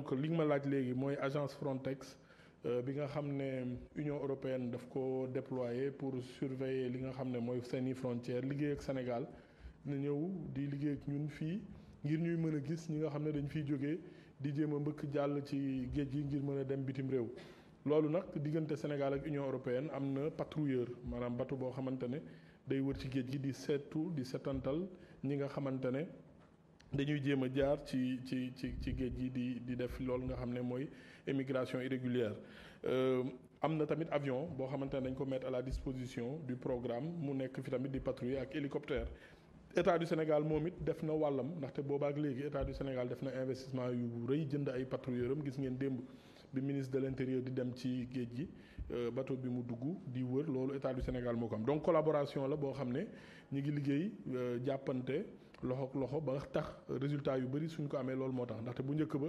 donc li nga ma laaj léegi mooy agence Frontex euh, bi nga xam ne Union européenne daf ko déployer pour surveiller li nga xam ne mooy seeni frontière liggéey ak Sénégal na ñëw di liggéey ak ñun fii ngir ñuy mën a gis ñi nga xam ne dañ fiy jógee di jéem a mbëkk jàll ci géej gi ngir mën a dem bitim réew loolu nag diggante Sénégal ak Union européenne am na patrouilleur maanaam bateau boo xamante ne day wër ci géej gi di seetu di setantal ñi nga xamante ne dañuy jéem a jaar ci ci ci ci géej gi di di def loolu nga xam ne mooy émigration irrégulière euh, am na tamit avion boo xamante ne dañ ko mettre à la disposition du programme mu nekk fi tamit di patrouiller ak hélicoptère état du Sénégal moom it def na wàllam ndaxte boobaak léegi état du Sénégal def na investissement yu rëy jënd ay patrouilleuram gis ngeen démb bi ministre de l'intérieur di dem ci géej gi Euh, bato bi mu dugg di wër loolu état du Sénégal moo ko am donc collaboration la boo xam ne ñu ngi liggéey euh, jàppante loxo loxo ba tax résultat yu bari suñ ko amee loolu moo tax ndaxte bu njëkk ba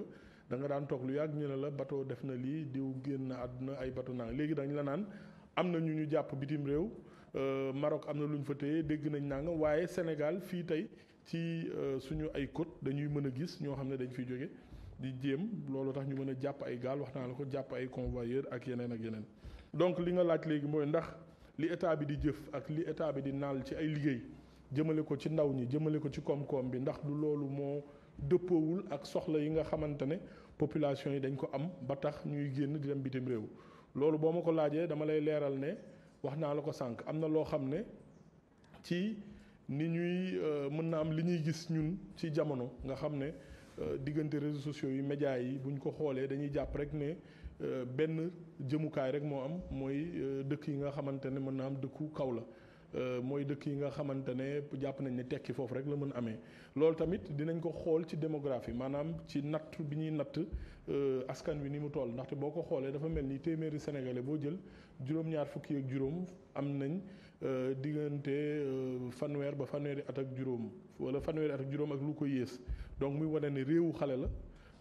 danga daan toog lu yàgg ñu ne la bato def na lii diw génn na àdduna ay bateau naan léegi dañ la naan am na ñu ñu jàpp bitim réew euh, Maroc am na lu ñu fa téye dégg nañ nàng waaye Sénégal fii tey ci suñu ay côte dañuy mën a gis ñoo xam ne dañ fiy jóge di jéem loolu tax ñu mën a jàpp ay gaal wax naa la ko jàpp ay convoyeur ak yeneen ak yeneen donc li nga laaj léegi mooy ndax li état bi di jëf ak li état bi di naal ci ay liggéey jëmale ko ci ndaw ñi jëmale ko ci koom-koom bi ndax lu loolu moo dëppoowul ak soxla yi nga xamante ne population yi dañ ko am ba tax ñuy génn di dem bitim réew loolu boo ma ko laajee dama lay leeral ne wax naa la ko sànq am na loo xam ne ci ni ñuy euh, mën na am li ñuy gis ñun ci jamono nga xam ne Euh, diggante réseaux sociaux yi médias yi bu ñu ko xoolee dañuy jàpp rek ne euh, benn jëmukaay rek moo am mooy euh, dëkk yi nga xamante ne mën naa am dëkku kaw la Euh, mooy dëkk yi nga xamante ne jàpp nañ ne tekki foofu rek la mën amee loolu tamit dinañ ko xool ci démographie maanaam ci natt bi ñuy natt euh, askan wi ni mu toll ndaxte boo ko xoolee dafa mel ni téeméeri sénégalais boo jël juróom-ñaar fukki ak juróom am nañ euh, diggante fanweer ba fanweeri at ak juróom wala fanweeri at ak juróom ak lu ko yées donc muy wane ne réewu xale la.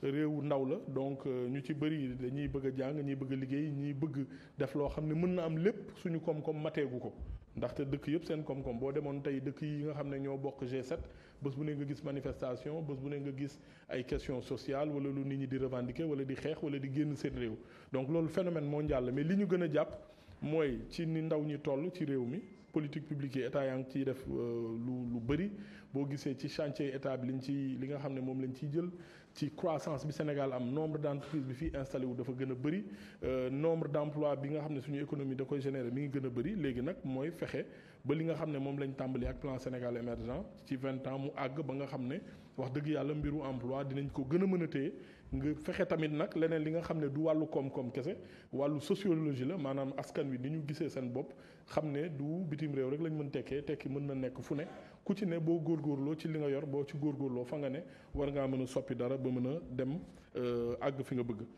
réew ndaw la donc euh, ñu ci bëri dañuy bëgg a jàng ñuy bëgg liggéey ñuy bëgg def loo xam ne mën na am lépp suñu koom-koom mateegu ko ndaxte dëkk yëpp seen koom-koom boo demoon tey dëkk yi nga xam ne ñoo bokk G7 bés bu ne nga gis manifestation bés bu ne nga gis ay question sociale wala lu nit ñi di revendiquer wala di xeex wala di génn seen réew donc loolu phénomène mondial la mais li ñu gën a jàpp mooy ci ni ndaw ñi toll ci réew mi politique publique état yaa ngi ciy def euh, lu bëri boo gisee ci chantier état bi liñ ci li nga xam ne moom lañ ciy jël ci croissance bi Sénégal am nombre d'entreprise bi fii installé wu dafa gën a bëri euh, nombre d'emploi bi nga xam ne suñu économie da koy générer mi ngi gën a bëri léegi nag mooy fexe ba li nga xam ne moom lañ tàmbali ak plan Sénégal émergent ci vingt ans mu àgg ba nga xam ne wax dëgg yàlla mbiru emploi dinañ ko gën a mën a téye nga fexe tamit nag leneen li nga xam ne du wàllu koom-koom kese wàllu sociologie la maanaam askan wi ni ñu gisee seen bopp xam ne du bitim réew rek lañ mën tekkee tekki mën na nekk fu ne ku ci ne boo góorgóorloo ci li nga yor boo ci góorgóorloo fa nga ne war ngaa mën a soppi dara ba mën a dem euh, àgg fi nga bëgg